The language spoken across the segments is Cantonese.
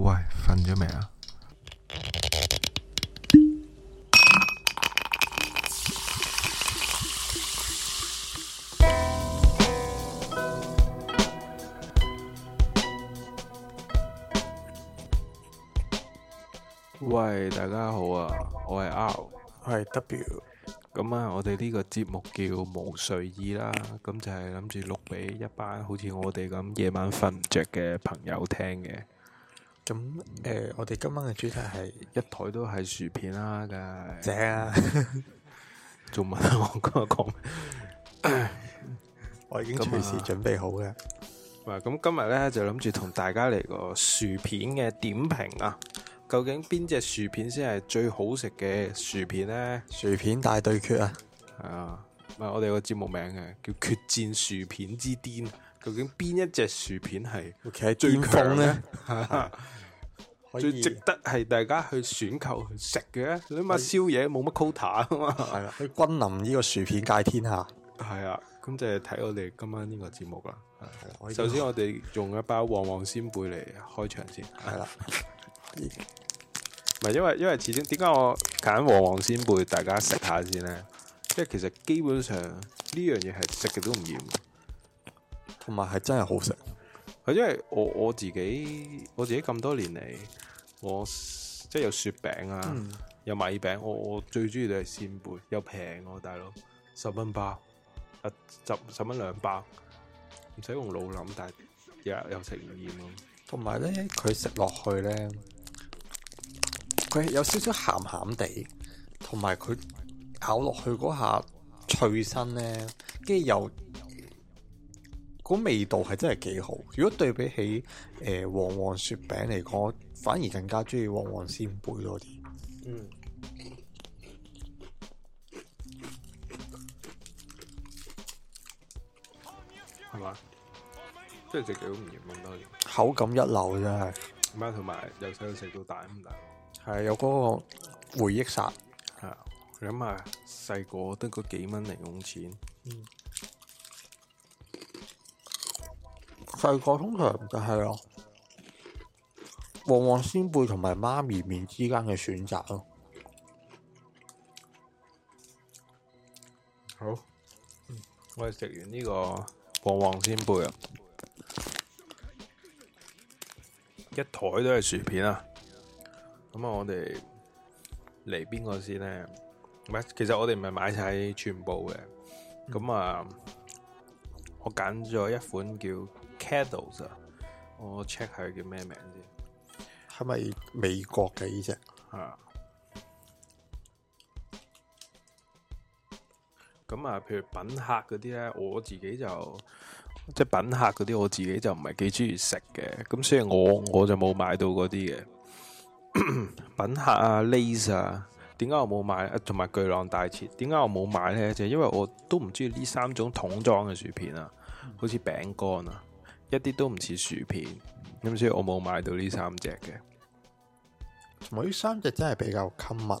喂，瞓咗未啊？喂，大家好啊，我係 R，我係 W。咁啊，我哋呢個節目叫無睡意啦，咁就係諗住錄俾一班好似我哋咁夜晚瞓唔着嘅朋友聽嘅。咁、嗯、誒、呃，我哋今晚嘅主題係一台都係薯片啦，噶正啊我我！做乜我今講，我已經隨時準備好嘅、啊。啊」哇、啊！咁今日咧就諗住同大家嚟個薯片嘅點評啊！究竟邊隻薯片先係最好食嘅薯片咧？薯片大對決啊！啊，唔、啊、係、啊、我哋個節目名嘅叫《決戰薯片之巔》，究竟邊一隻薯片係最強咧？以最值得係大家去選購去食嘅。你嘛宵夜冇乜 quota 啊嘛。係啊，去君臨呢個薯片界天下。係啊，咁就係睇我哋今晚呢個節目啦。首先我哋用一包旺旺仙貝嚟開場先。係啦。唔係因為因為遲先點解我揀旺旺仙貝，大家食下先呢？即係其實基本上呢樣嘢係食極都唔厭，同埋係真係好食。因為我我自己，我自己咁多年嚟，我即係有雪餅啊、嗯，有米餅，我我最中意就係扇貝，又平喎，啊，大佬十蚊包，啊、十十蚊兩包，唔使用，用腦諗，但係又又食唔厭咯。同埋咧，佢食落去咧，佢有少少鹹鹹地，同埋佢咬落去嗰下脆身咧，跟住又。個味道係真係幾好的，如果對比起誒旺旺雪餅嚟講，反而更加中意旺旺鮮貝多啲。嗯，係、嗯、嘛、嗯？即係食幾好唔厭，咁多口感一流真係。咩？同埋由細食到大咁大，係、啊、有嗰個回憶殺。係諗下細個得個幾蚊零用錢。嗯細個通常就係咯，旺旺仙貝同埋媽咪麵之間嘅選擇咯。好，我哋食完呢個旺旺仙貝啊，一枱，都係薯片啊。咁啊，我哋嚟邊個先咧？唔係，其實我哋唔係買晒全部嘅。咁啊，我揀咗一款叫。Pedals 啊，我 check 下佢叫咩名先，係咪美國嘅呢隻啊？咁啊，譬如品客嗰啲咧，我自己就即係品客嗰啲，我自己就唔係幾中意食嘅。咁所以我我就冇買到嗰啲嘅品客啊、Laser 啊。點解我冇買？同埋巨浪大切，點解我冇買咧？就因為我都唔中意呢三種桶裝嘅薯片、嗯、啊，好似餅乾啊。一啲都唔似薯片，咁所以我冇買到呢三隻嘅。同埋呢三隻真係比較 common，誒、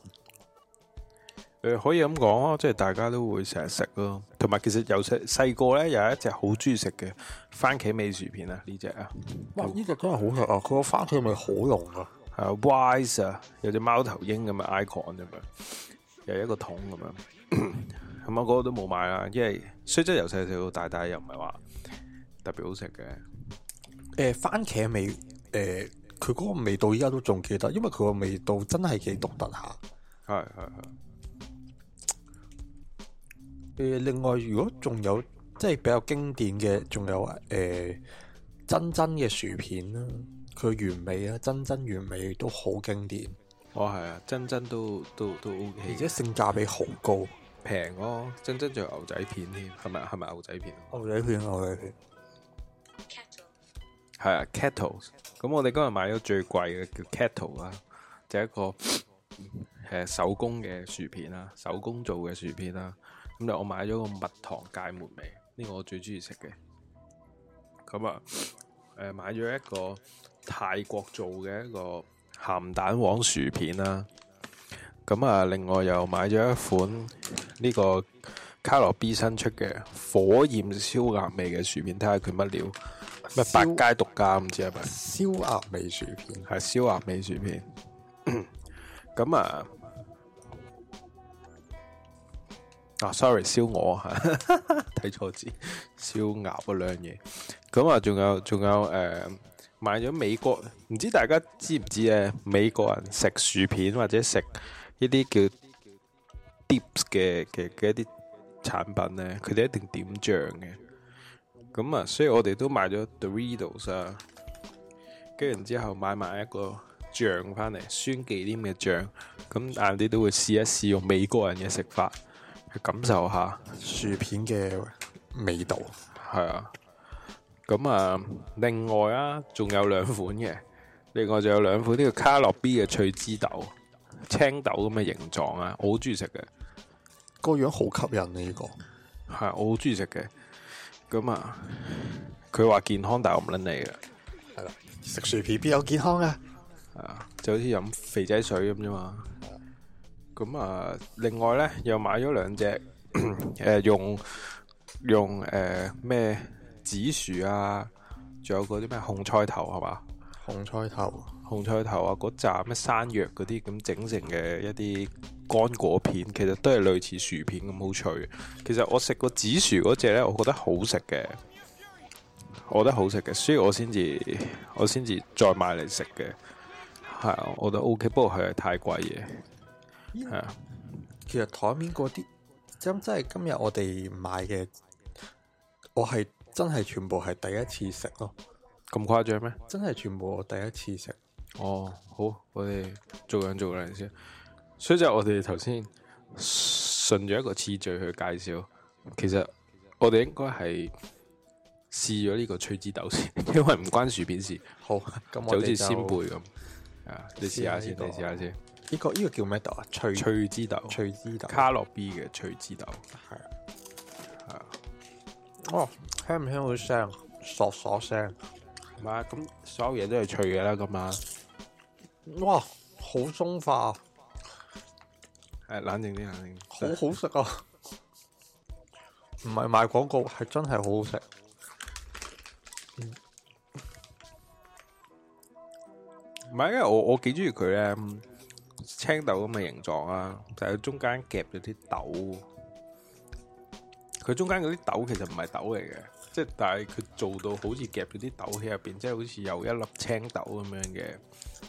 呃、可以咁講啊，即係大家都會成日食咯。同埋其實由細細個咧有一隻，很的一隻，一隻的好中意食嘅番茄味薯片啊，呢隻啊。哇！呢隻真係好食啊！佢個番茄味好濃啊。係啊，wise 啊，WISE，有隻貓頭鷹咁嘅 icon 咁樣，又一個桶咁樣。咁我嗰個都冇買啦，因為雖則由細細到大大又唔係話。特別好食嘅，誒、呃、番茄味，誒佢嗰個味道依家都仲記得，因為佢個味道真係幾獨特下。係係係。誒、呃，另外如果仲有即係比較經典嘅，仲有誒珍珍嘅薯片啦，佢原味啦，珍珍原味都好經典。哦係啊，珍珍都都都 O、OK、K，而且性價比好高，平咯、哦。珍珍仲有牛仔片添，係咪係咪牛仔片？牛仔片，牛仔片。係啊，Kettle，咁我哋今日買咗最貴嘅叫 Kettle 啦，就一個係手工嘅薯片啦，手工做嘅薯片啦。咁我買咗個蜜糖芥末味，呢、這個我最中意食嘅。咁啊，誒、呃、買咗一個泰國做嘅一個鹹蛋黃薯片啦。咁啊，另外又買咗一款呢、這個。卡羅 B 新出嘅火焰燒鴨味嘅薯片，睇下佢乜料，乜百佳獨家，唔知係咪燒鴨味薯片？係燒鴨味薯片咁 啊啊！Sorry，燒鵝吓，睇 錯字，燒鴨嗰兩嘢咁啊。仲有仲有誒、呃，買咗美國，唔知大家知唔知咧？美國人食薯片或者食呢啲叫 dips 嘅嘅嘅一啲。產品呢，佢哋一定點醬嘅，咁啊，所以我哋都買咗 Doritos 啊，跟住然之後買埋一個醬翻嚟，酸忌廉嘅醬，咁但啲都會試一試用美國人嘅食法去感受下薯片嘅味道，係啊，咁啊，另外啊，仲有兩款嘅，另外仲有兩款呢、呢個卡樂 B 嘅脆枝豆，青豆咁嘅形狀啊，我好中意食嘅。那個樣好吸引啊！呢個係我好中意食嘅咁啊。佢話、嗯嗯嗯、健康，但係我唔捻你嘅係啦。食薯片邊有健康啊，係啊，就好似飲肥仔水咁啫嘛。咁、嗯、啊，另外咧又買咗兩隻誒，用用誒咩、呃、紫薯啊，仲有嗰啲咩紅菜頭係嘛？紅菜頭。紅菜頭啊，嗰扎咩山藥嗰啲咁整成嘅一啲乾果片，其實都係類似薯片咁好脆。其實我食過紫薯嗰隻呢，我覺得好食嘅，我覺得好食嘅，所以我先至我先至再買嚟食嘅。係啊，我覺得 OK，不過佢係太貴嘢。係啊，其實台面嗰啲真真係今日我哋買嘅，我係真係全部係第一次食咯。咁誇張咩？真係全部我第一次食。哦，好，我哋做樣做樣先，所以就我哋頭先順着一個次序去介紹。其實我哋應該係試咗呢個脆枝豆先，因為唔關薯片事。好，就好似仙貝咁啊，這個。你試下先，這個，你試下先。呢，這個呢，這個叫咩豆啊？脆脆枝豆，脆枝豆，豆，卡樂 B 嘅脆枝豆。係啊，係啊。哦，香唔香？嗰聲，嗦嗦聲。唔係啊，咁所有嘢都係脆嘅啦，咁啊。哇，好鬆化！係冷靜啲，冷靜。好好食啊！唔係賣廣告，係真係好好食。唔係，因為我我幾中意佢咧，青豆咁嘅形狀啊，就係中間夾咗啲豆。佢中間嗰啲豆其實唔係豆嚟嘅。即係，但係佢做到好似夾咗啲豆喺入邊，即係好似有一粒青豆咁樣嘅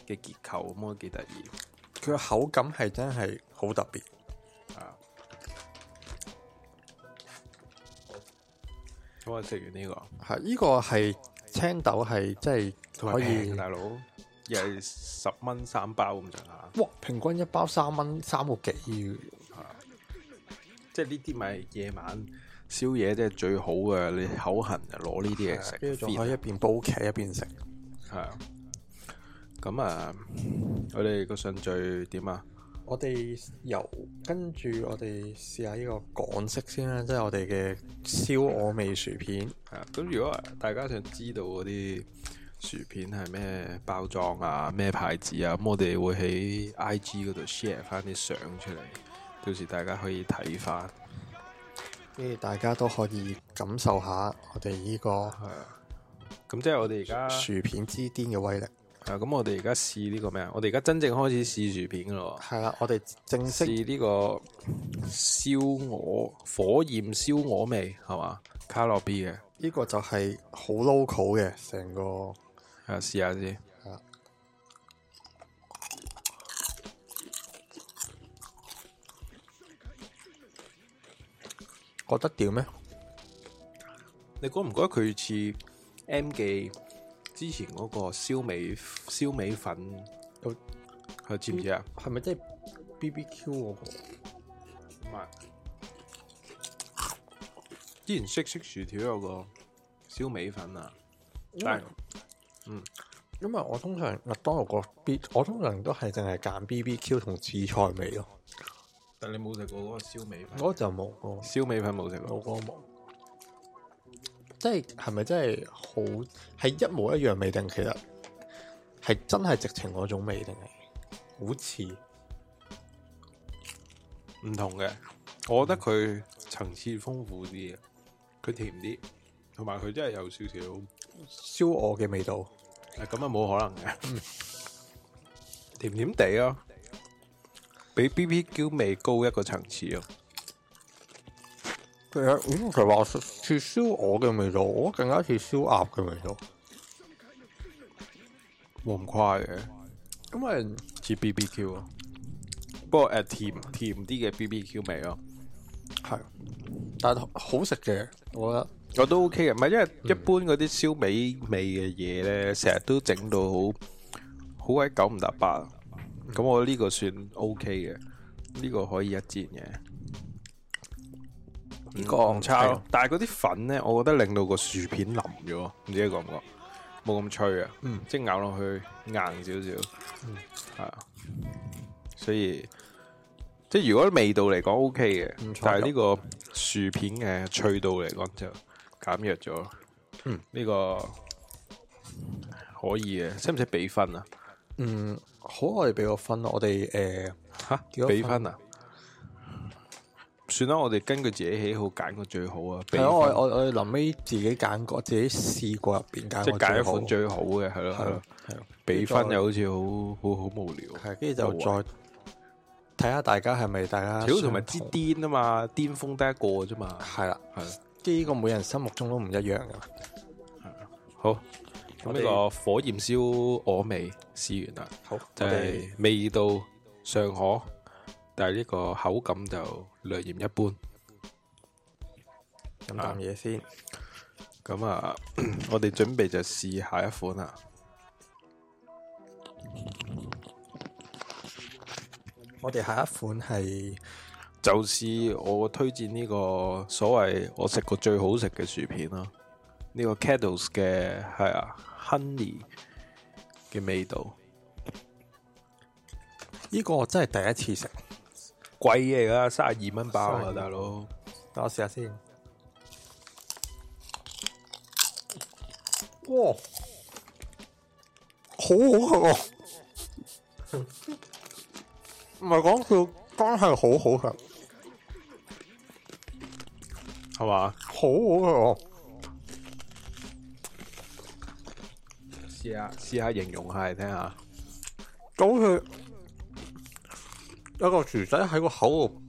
嘅結構，咁啊幾得意。佢嘅口感係真係好特別。啊，我食完呢個，係呢個係青豆是，係即係可以，大佬又係十蚊三包咁上下。哇！平均一包三蚊三個幾，即係呢啲咪夜晚。宵夜即係最好嘅，你口痕就攞呢啲嘢食，跟住仲可以一邊煲劇一邊食，係啊。咁啊，我哋個順序點啊？我哋由跟住我哋試下呢個港式先啦、啊，即、就、係、是、我哋嘅燒鵝味薯片。咁、啊、如果、啊、大家想知道嗰啲薯片係咩包裝啊、咩牌子啊，咁我哋會喺 IG 嗰度 share 翻啲相出嚟，到時大家可以睇翻。跟住大家都可以感受下我哋呢個是、啊，咁即係我哋而家薯片之巔嘅威力。啊，咁我哋而家試呢個咩啊？我哋而家真正開始試薯片噶咯。係啦、啊，我哋正式試呢個燒鵝火焰燒鵝味係嘛，卡樂 B 嘅呢、這個就係好 local 嘅成個。啊，試下先。覺得點咩？你覺唔覺得佢似 M 記之前嗰個燒味燒味粉？有有尖嘅，係咪即係 B B Q 啊？之前色色薯條有個燒味粉啊，係嗯,嗯，因為我通常麥當勞個 B，我通常都係淨係揀 B B Q 同紫菜味咯。但你冇食過嗰個燒味粉？嗰個就冇喎。燒味粉冇食過。我嗰個冇。即係係咪真係好？係一模一樣味定其實係真係直情嗰種味定係好似唔同嘅？我覺得佢層次豐富啲嘅，佢甜啲，同埋佢真係有少少燒鵝嘅味道。咁啊冇可能嘅，甜甜地咯。比 B B Q 味高一個層次啊！其實唔係話似燒鵝嘅味道，我更加似燒鴨嘅味道。我唔誇嘅，因為似 B B Q 啊，不過係甜甜啲嘅 B B Q 味咯。係，但係好食嘅，我覺得我都 OK 嘅。唔係因為一般嗰啲燒味味嘅嘢，咧，成日都整到好好鬼九唔搭八。咁我呢個算 O K 嘅，呢、呢個可以一戰嘅、嗯。嗯、差呢個但係嗰啲粉咧，我覺得令到個薯片腍咗，唔、嗯、知你覺唔覺？冇咁脆啊，嗯，即係咬落去硬少少，嗯，係啊。所以即係如果味道嚟講 O K 嘅，但係呢個薯片嘅脆度嚟講就減弱咗。嗯，呢、呢個可以嘅，使唔使俾分啊？嗯，好，我哋俾個分咯，我哋誒吓俾分啊？算啦，我哋根據自己喜好揀個最好啊。俾我我我臨尾自己揀個自己試過入邊揀，即係揀一款最好嘅。係咯，係咯，係咯，俾分又好似好好好無聊。係跟住就再睇下大家係咪大家同埋之巔啊嘛，巔峰得一個啫嘛。係啦係啦，即係呢個每人心目中都唔一樣噶。係好。咁呢個火焰燒鵝味試完啦，好，就係、是、味道尚可，但係呢個口感就略嫌一般。飲啖嘢先，咁啊，我哋準備就試下一款啦。我哋下一款係，就試我推薦呢個所謂我食過最好食嘅薯片啦。呢、這個 Kettles 嘅係啊，honey 嘅味道，呢、這個我真係第一次食，貴嚟噶，三十二蚊包啊，大佬，等我試下先。哇，好好食哦、啊！唔係講笑，真係好好食，係嘛？好好食哦、啊！試下，試下形容下嚟聽下。咁佢一,一個薯仔喺個口度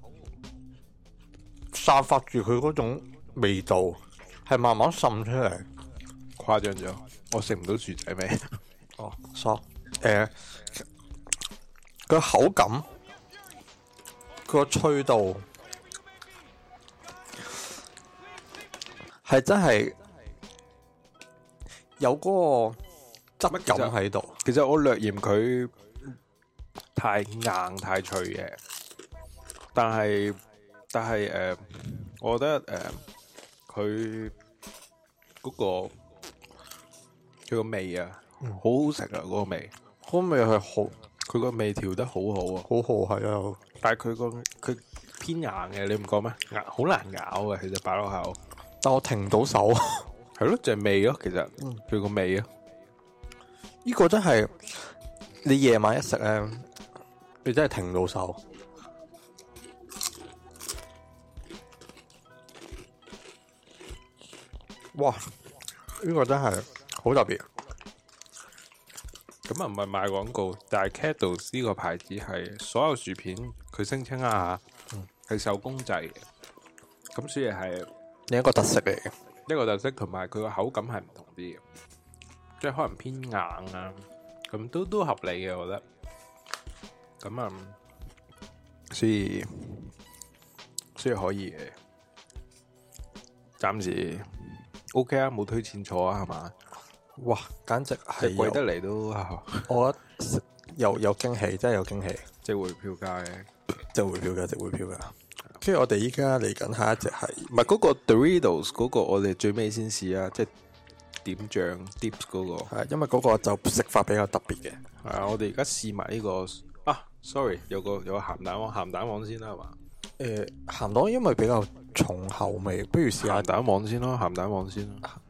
散發住佢嗰種味道，係慢慢滲出嚟。誇張咗，我食唔到薯仔味。哦、 oh. so, 呃，所，誒，佢個口感，佢個、oh. 脆度係、oh. 真係有嗰、那個。質感喺度，其實我略嫌佢太硬太脆嘅，但係但係誒、呃，我覺得誒佢嗰個佢個味、嗯、很好吃啊，好好食啊個味，個味係好，佢個味調得好好啊，好好係啊。但係佢個佢偏硬嘅，你唔覺咩？硬好難咬嘅，其實擺落口，但我停唔到手啊。係咯，就係味咯，其實佢個味啊。呢、這個真係你夜晚一食咧，你真係停唔到手。哇！呢、這個真係好特別。咁啊唔係賣廣告，但係 Kettles 呢個牌子係所有薯片它聲稱，佢聲稱啊吓，係手工製嘅。咁所以係另一個特色嚟嘅，一個特色同埋佢個口感係唔同啲嘅。即係可能偏硬啊，咁都都合理嘅，我覺得。咁啊、嗯，所以所以可以嘅，暫時、嗯、O、okay、K 啊，冇推薦錯啊，係嘛？哇，簡直係貴得嚟都， 我有有驚喜，真係有驚喜。即回票價，即回票價，即回票價。跟、okay. 住我哋依家嚟緊下一隻係，唔係嗰，Doritos 嗰個，我哋最尾先試啊，即係。點醬 dips 嗰、那個係，因為嗰個就食法比較特別嘅。係、這個、啊，我哋而家試埋呢個啊，sorry，有個有個鹹蛋黃，鹹蛋黃先啦，係嘛？誒、欸，鹹蛋因為比較重口味，不如試下鹹蛋黃先啦，鹹蛋黃先啦，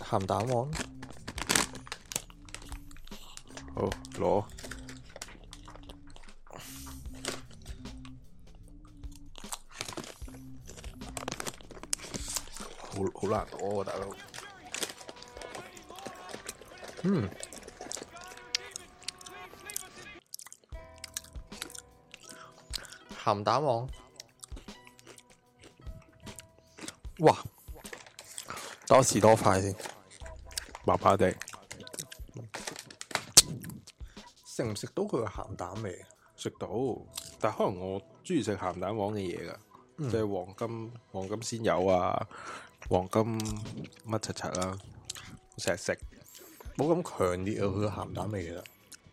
鹹蛋黃。好，攞，好好難攞、啊，大佬。嗯，鹹蛋黃哇，多士多塊先，麻麻地，食唔食到佢個鹹蛋味？食到，但係可能我中意食鹹蛋黃嘅嘢噶，即、嗯、係、就是、黃金黃金先有啊，黃金乜柒柒啦，成日食。冇咁強烈啊！佢個鹹蛋味其實，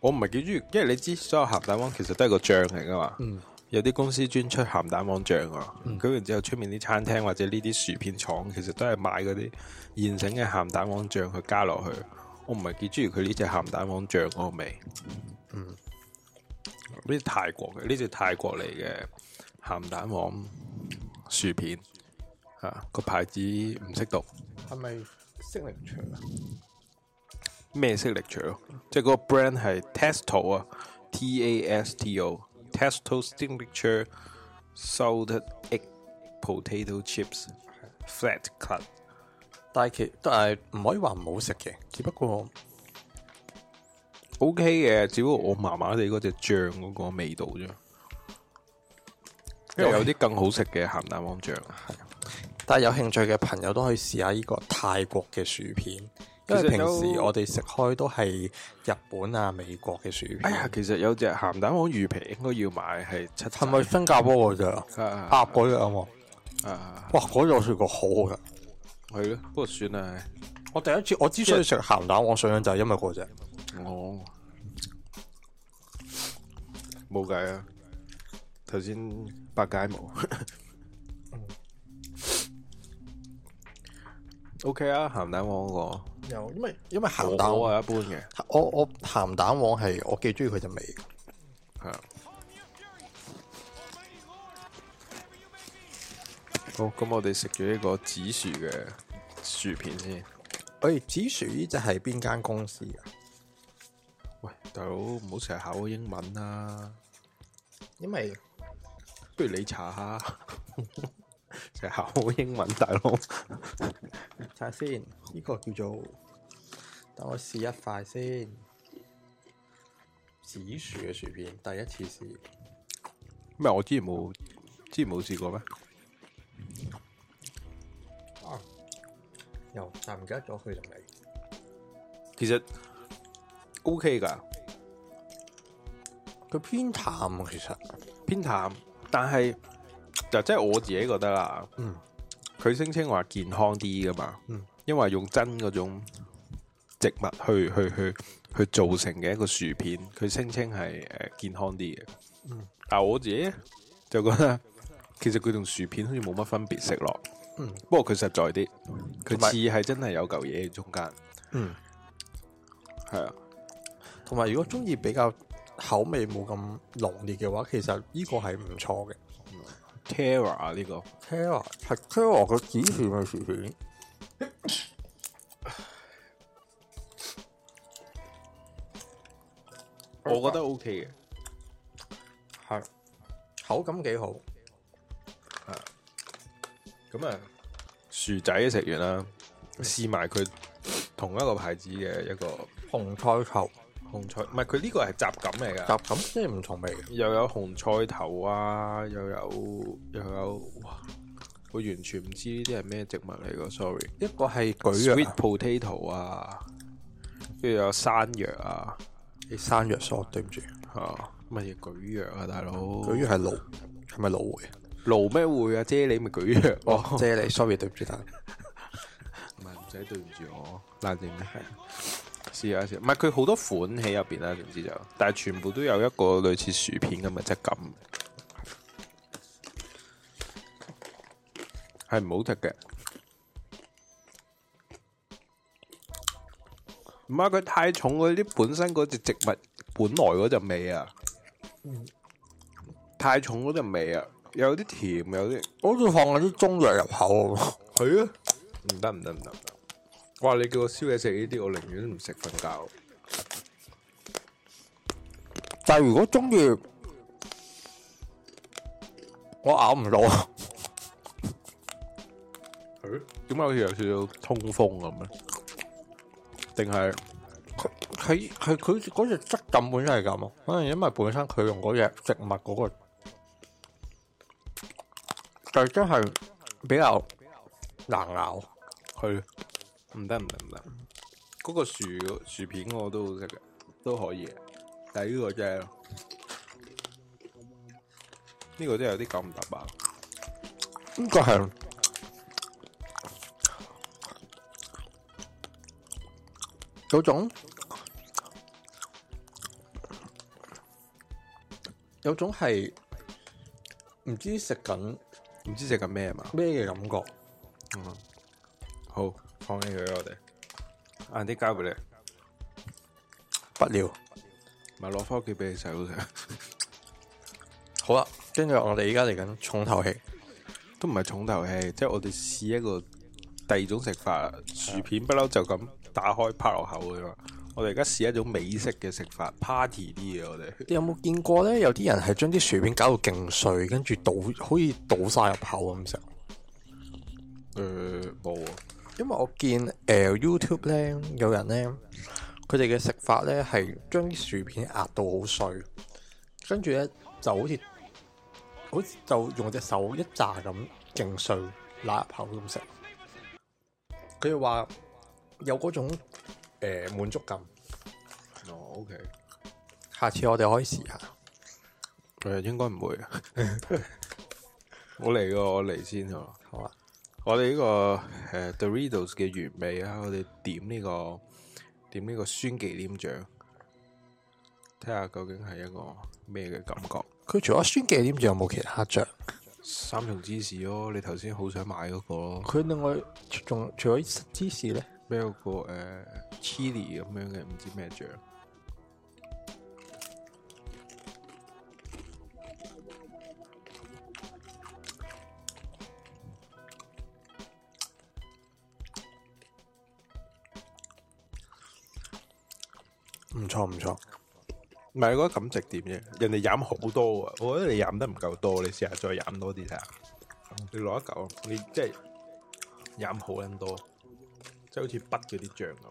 我唔係幾中意，因為你知所有鹹蛋黃其實都係個醬嚟噶嘛。嗯，有啲公司專出鹹蛋黃醬啊。嗯，咁然之後出面啲餐廳或者呢啲薯片廠，其實都係買嗰啲現成嘅鹹蛋黃醬去加落去。我唔係幾中意佢呢隻鹹蛋黃醬嗰個味。嗯，呢隻泰國嘅呢隻泰國嚟嘅鹹蛋黃薯片嚇個、嗯啊、牌子唔識讀，係咪適能場啊？咩色力場咯，即係嗰個 brand 係 Tasto 啊 T-A-S-T-O Tasto Signature Salted Egg Potato Chips Flat Cut，但係但係唔可以話唔好食嘅，只不過 OK 嘅，只不過我麻麻哋嗰隻醬嗰個味道啫，因為有啲更好食嘅鹹蛋黃醬係，但係有興趣嘅朋友都可以試下呢個泰國嘅薯片。其實平時我哋食開都係日本啊、美國嘅薯片。哎呀，其實有隻鹹蛋黃魚皮應該要買係，係咪新加坡嗰隻啊？鴨嗰隻啊嘛、啊啊。啊！哇，嗰隻我食過好好噶。係咯，不過算啦。我第一次我之所以食鹹蛋黃，我想就係因為嗰隻。哦。冇計啊！頭先百佳冇。 O K 啊，鹹蛋黃嗰個有，因為因為鹹蛋黃係一般嘅。我我鹹蛋黃係我幾中意佢隻味係啊。好，咁、oh, 我哋食咗一個紫薯嘅薯片先。誒，紫薯呢？即係邊間公司啊？喂，大佬唔好成日考英文啦。因為不如你查下，成日考英文，大佬。 睇下先，呢、這個叫做，等我試一塊先。紫薯嘅薯片，第一次試。咩？我之前冇，之前冇試過咩？又但唔記得咗佢就嚟。其實 O K 㗎，佢、okay、偏淡，其實偏淡，但係就即係我自己覺得啦。嗯。佢聲稱話健康啲㗎嘛、嗯，因為用真嗰種植物去去去去造成嘅一個薯片，佢聲稱係誒健康啲嘅、嗯。但我自己就覺得，其實佢同薯片好似冇乜分別，食落。嗯，不過佢實在啲，佢似係真係有嚿嘢喺中間。嗯，係啊。同埋如果中意比較口味冇咁濃烈嘅話，其實呢個係唔錯嘅。Terra 呢個 Terra，係 Terra 紫薯嘅薯片， 我覺得 OK 嘅係口感幾好咁啊、嗯。薯仔食完啦，試埋佢同一個牌子嘅一個紅菜頭。紅菜，唔係佢呢個係雜錦嚟㗎，雜錦即係唔同味，又有紅菜頭啊，又有又有哇，我完全唔知呢啲係咩植物嚟㗎，sorry。一個係蒟蒻，sweet potato 啊，跟、啊、住有山藥啊，你、欸、山藥嗦，對唔住，吓、啊，乜嘢蒟蒻啊，大佬？蒟蒻係蘆，係咪蘆薈？蘆咩薈啊？啫喱咪蒟蒻，啫 喱、哦、蒟 ，sorry，對唔住，但唔，唔使對唔住我。哦，冷靜。 試下先，唔係佢好多款喺入邊啦，總之就，但係全部都有一個類似薯片嘅質感，係唔好食嘅。唔係佢太重嗰啲本身嗰隻植物本來嗰隻味啊，太重嗰隻味啊，有啲甜，有啲，我好似放啲中藥入口，係啊，唔得唔得唔得。哇！你叫我宵夜食呢啲，我寧願唔食瞓覺。但係如果鍾意，我咬唔到。點解好似有少少通風咁咧？定係佢佢係佢嗰隻質感本身係咁咯。可能因為本身佢用嗰隻植物嗰個，就真係比較難咬佢。唔得唔得唔得，嗰、那個薯薯片我都好食嘅，都可以嘅，但係呢個即係，呢個真係、這個，有啲九唔搭八咯，應該係有種有種係唔知食緊唔知食緊咩嘛，咩嘅感覺，嗯，好。放起佢啊！我哋晏啲交俾你，不料你呵呵了，咪攞返屋企俾你手食。好啦，跟住我哋而家嚟緊重頭戲、嗯，都唔係重頭戲，即係我哋試一個第二種食法、嗯。薯片不嬲就咁打開拍落口嘅嘛。我哋而家試一種美式嘅食法，party 啲嘅。我哋你有冇見過咧？有啲人係將啲薯片搞到勁碎，跟住倒可以倒晒入口咁食。誒、嗯，冇。因為我見誒、呃、YouTube 咧有人咧，佢哋嘅食法咧係將薯片壓到好碎，跟住咧就好似好似就用隻手一炸咁勁碎，攬入口咁食。佢哋話有嗰種誒、呃、滿足感。哦、oh，OK，下次我哋可以試下。誒，應該唔會 我。我嚟過，我嚟先我哋呢、這個、uh, Doritos 嘅原味啊，我哋點呢、這個點這個酸忌廉醬，睇下究竟係一個咩嘅感覺。佢除咗酸忌廉醬，有冇其他醬？三重芝士咯、哦，你頭先好想買嗰、那個咯。佢另外仲除咗芝士咧，還有個誒、uh, chili 咁樣嘅唔知咩醬。錯唔錯？唔係，我覺得咁直點啫。人哋飲好多啊，我覺得你飲得唔夠多。你試下再飲多啲睇下。你攞一嚿，你即係飲好撚多，即係好似滗咗啲醬咁。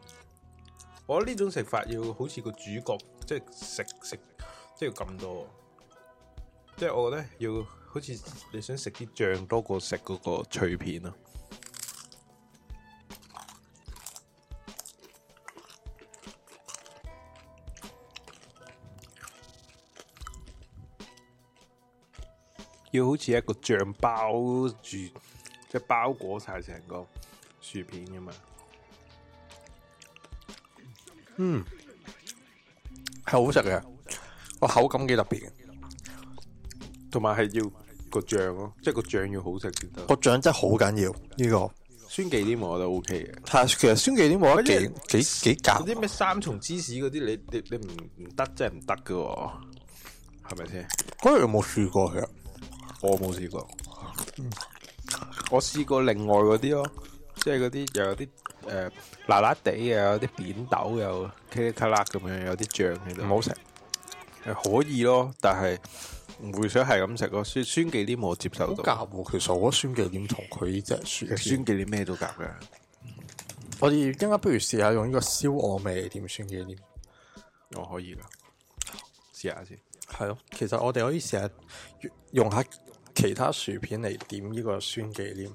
我覺得呢種食法要好似個主角，即係食食，即係要咁多。即係我覺得要好似你想食啲醬多過食嗰個脆片啊。要好似一個醬包住，即係包裹晒成個薯片咁啊。嗯，係好食嘅，個口感幾特別嘅，同埋係要個醬咯，即係個醬要好食先得。個醬真係好緊要。呢個酸忌廉，我都 OK 嘅。但係其實酸忌廉冇得幾幾幾夾嗰啲咩三重芝士嗰啲，你你你唔唔得，真係唔得㗎，係咪先？嗰日有冇試過佢啊？我冇試過，我試過另外嗰啲咯，即係嗰啲又有啲誒辣辣地嘅，有啲扁豆又噼里啪啦咁樣，有啲醬嘅。唔好食，係可以咯，但係唔會想係咁食咯。酸酸忌廉我接受到。夾，其實我酸忌廉同佢呢隻酸酸忌廉咩都夾嘅。我哋今日不如試下用呢個燒鵝味點酸忌廉，我可以噶，試下先。係咯，其實我哋可以成日用一下其他薯片嚟點呢個酸忌廉。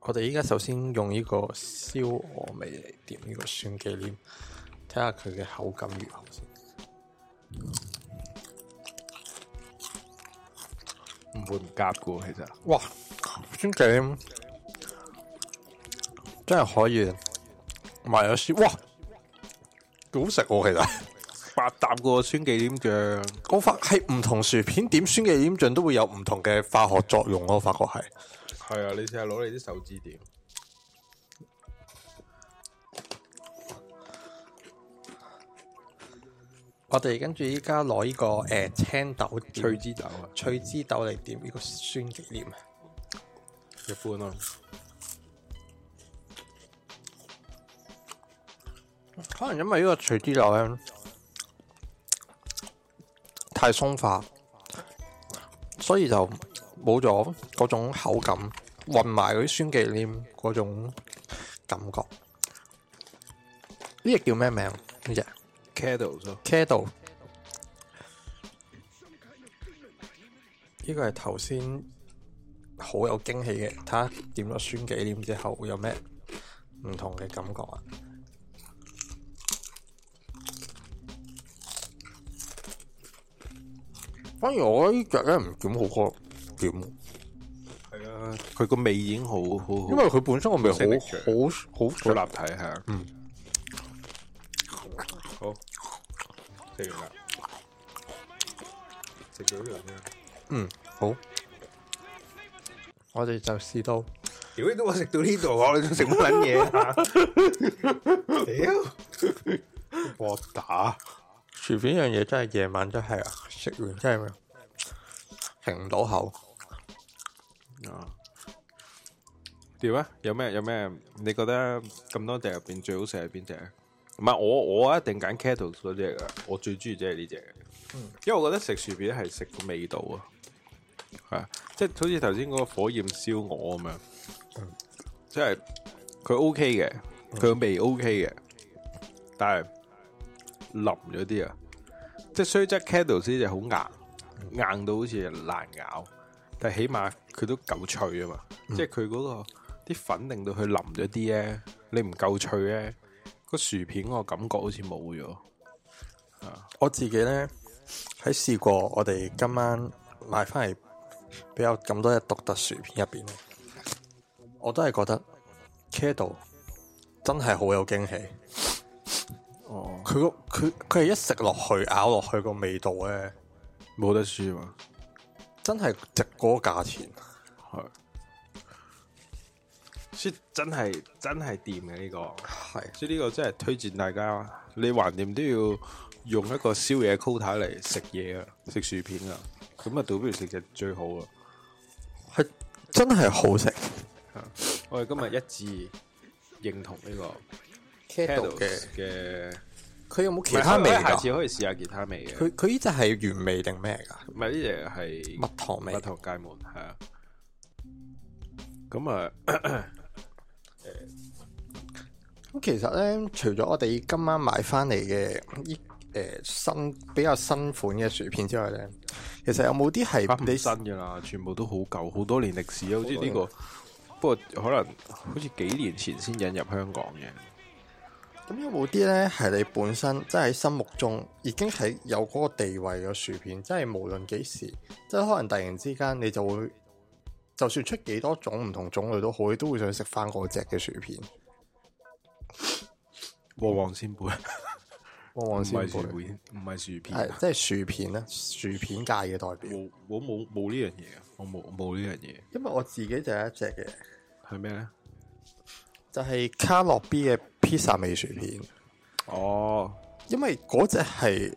我哋依家首先用呢個燒鵝味嚟點呢個酸忌廉，睇下佢嘅口感如何先。唔會唔夾嘅其實。哇，酸忌廉真係可以買，唔咗有燒哇。好食喎。啊，其實八啖個酸忌廉醬。我發係唔同薯片點酸忌廉醬都會有唔同嘅化學作用咯。啊，我發覺係。係啊，你試下攞你啲手指點。我哋跟住依家攞呢個誒、呃、青豆脆枝豆啊，脆枝豆嚟點呢、呢個酸忌廉。啊，一般咯。可能因為呢個錘子油咧，太鬆化，所以就冇咗嗰種口感，混埋嗰啲酸忌廉嗰種感覺。呢隻叫咩名？呢隻 Kettle，Kettle。呢個係頭先好有驚喜嘅，睇下點咗酸忌廉之後會有咩唔同嘅感覺啊！.反而我呢隻咧唔點好過，點？係啊，佢個味已經好好，因為佢本身個味好好好好，好立體睇下。嗯，好，食完啦，食咗樣嘢。嗯，好，我哋就試到這裡，如果屌都話食到呢度，我哋仲食乜卵嘢啊？屌， 我打薯片樣嘢真係夜晚真係啊！食完真係咩？停唔到口啊！屌咩？有咩有咩？你覺得咁多隻入邊最好食係邊隻啊？唔係我我一定揀 Kettle 嗰隻噶，我最中意即係呢隻。嗯，因為我覺得食薯片係食個味道啊，係啊，即係好似頭先嗰個火焰燒鵝咁樣，即係佢 OK 嘅，佢味 OK 嘅，但係腍咗啲啊！即係雖則 Candles 呢隻好硬，硬到好似難咬，但係起碼佢都夠脆啊嘛！嗯、即係佢嗰個啲粉令到佢淋咗啲咧，你唔夠脆咧，個薯片個感覺好似冇咗。我自己咧喺試過，我哋今晚買翻嚟比較咁多一獨特薯片入邊，我都係覺得 Candles 真係好有驚喜。佢個佢佢係一食落去咬落去個味道咧，冇得輸啊！真係值嗰個價錢，係，所以真係真係掂嘅呢個，係，所以呢個真係推薦大家，你橫掂都要用一個宵夜 c o 嚟食嘢啊，食薯片啊，咁啊，倒不如食隻最好啦，係真係好食，我哋今日一致認同呢個。嘅嘅，佢有冇其他味？下次可以試下其他味嘅。佢佢呢隻係原味定咩噶？唔係，呢隻係蜜糖味蜜，蜜糖芥末，係啊。咁啊，誒， 咁、呃、其實咧，除咗我哋今晚買翻嚟嘅呢誒新比較新款嘅薯片之外咧、嗯，其實有冇啲係新噶啦？全部都好舊，好多年歷史，好似呢個。不過可能好似幾年前先引入香港嘅。咁有冇啲咧？係你本身即係喺心目中已經喺有嗰個地位嘅薯片，即係無論幾時，即係可能突然之間你就會，就算出幾多種唔同種類都好，你都會想食翻嗰隻嘅薯片。旺旺仙貝，旺旺仙貝唔係薯片，係即係薯片咧，就是，薯片界嘅代表。我我冇冇呢樣嘢啊！我冇冇呢樣嘢，因為我，我，我，我，我、嗯、我自己就有一隻嘅。係咩咧？就係、是、卡樂 B 嘅。披薩味薯片，哦、oh.，因為嗰隻係，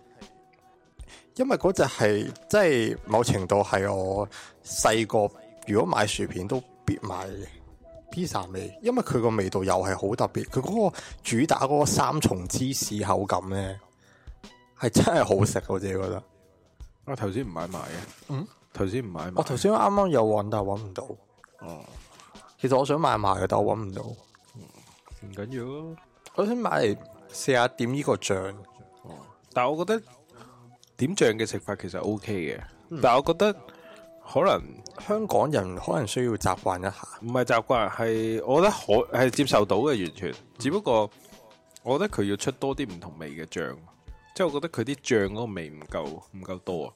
因為嗰隻係，即係某程度係我細個如果買薯片都必買嘅披薩味，因為佢個味道又係好特別，佢嗰個主打嗰個三重芝士口感咧，係真係好食，我自己覺得。我頭先唔買埋嘅，嗯，頭先唔買埋。我頭先啱啱有搵但係搵唔到，哦、oh.，其實我想買埋嘅，但我搵唔到。唔緊要咯，我想買嚟試下點呢個醬。哦、嗯，但係我覺得點醬嘅食法其實 O K 嘅，但係我覺得可能香港人可能需要習慣一下。唔係習慣係，係我覺得可係接受到嘅，完全。只不過我覺得佢要出多啲唔同味嘅醬，即係我覺得佢啲醬嗰個味唔夠，唔夠多。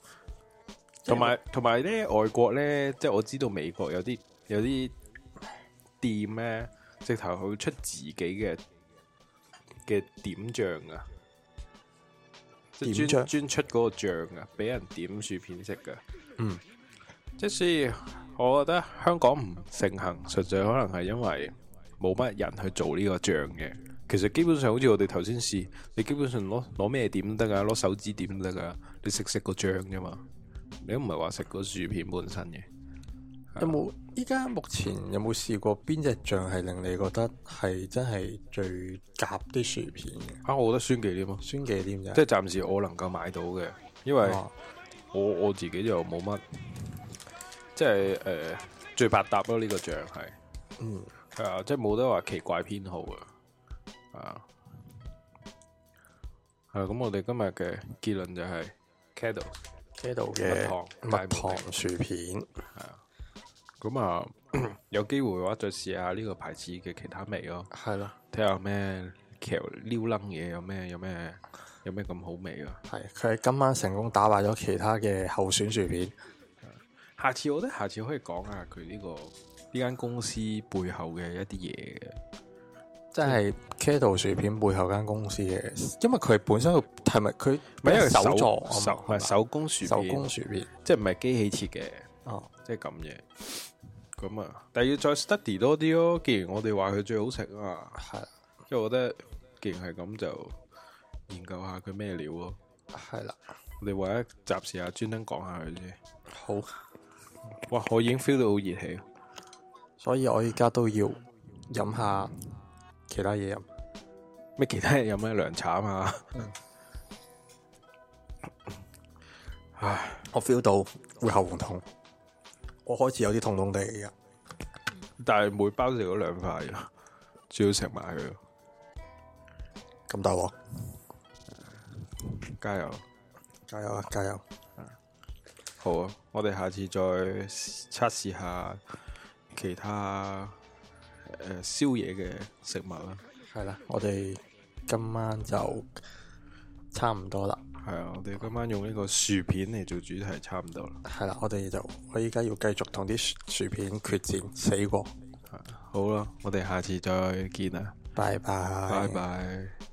同埋同埋咧，外國咧，即係我知道美國有啲有啲店咧。直頭佢出自己嘅嘅點醬啊，即係專專出嗰個醬啊，俾人點薯片食噶。嗯，即係我覺得香港唔盛行，純粹可能係因為冇乜人去做呢個醬嘅。其實基本上好似我哋頭先試，你基本上攞攞咩點都得噶，攞手指點都得噶，你食食個醬啫嘛，你都唔係話食個薯片本身嘅。有冇依家目前有冇試過邊隻醬係令你覺得係真係最夾啲薯片嘅？啊，我覺得酸忌廉咯，酸忌廉就即係暫時我能夠買到嘅，因為我我自己就冇乜，即係誒、呃、最百搭咯呢個醬係，嗯係啊，即係冇得話奇怪偏好啊，係啊係咁、啊、我哋今日嘅結論就係 Kettle Kettle 嘅蜜糖薯片係啊。咁啊， 有機會嘅話再試下呢個牌子嘅其他味咯。係咯，睇下咩其實撩楞嘢有咩有咩有咩咁好味啊！係，佢係今晚成功打敗咗其他嘅候選薯片。下次我覺得下次可以講下佢呢、這個呢間公司背後嘅一啲嘢嘅，即係 Kettle 薯片背後間公司嘅，因為佢本身係咪佢唔係因為手作手，手，手工薯片，手工薯片，即係唔係機器切嘅哦。即係咁嘅，咁啊，但係要再 study 多啲咯、哦。既然我哋話佢最好食啊嘛，係，因為我覺得既然係咁，就研究下佢咩料咯、啊。係啦，我哋為咗集時下專登講下佢啫。好，哇，我已經 feel 到好熱氣，所以我而家都要飲下其他嘢飲。咩其他嘢飲？咩涼茶啊？嘛，嗯、 唉，我 feel 到會喉嚨痛。我開始有啲痛痛地嘅，但係每包食咗兩塊啊，仲要食埋佢，咁大鑊，加油，加油啊，加油！好啊，我哋下次再測試下其他誒、呃、宵夜嘅食物啦。係啦，我哋今晚就差唔多啦。係啊，我哋今晚用呢個薯片嚟做主題，差不，差唔多啦。係啦，我哋就我依家要繼續同啲薯片決戰，死過。係啊，好啦，啊，我哋下次再見啊！拜拜，拜拜。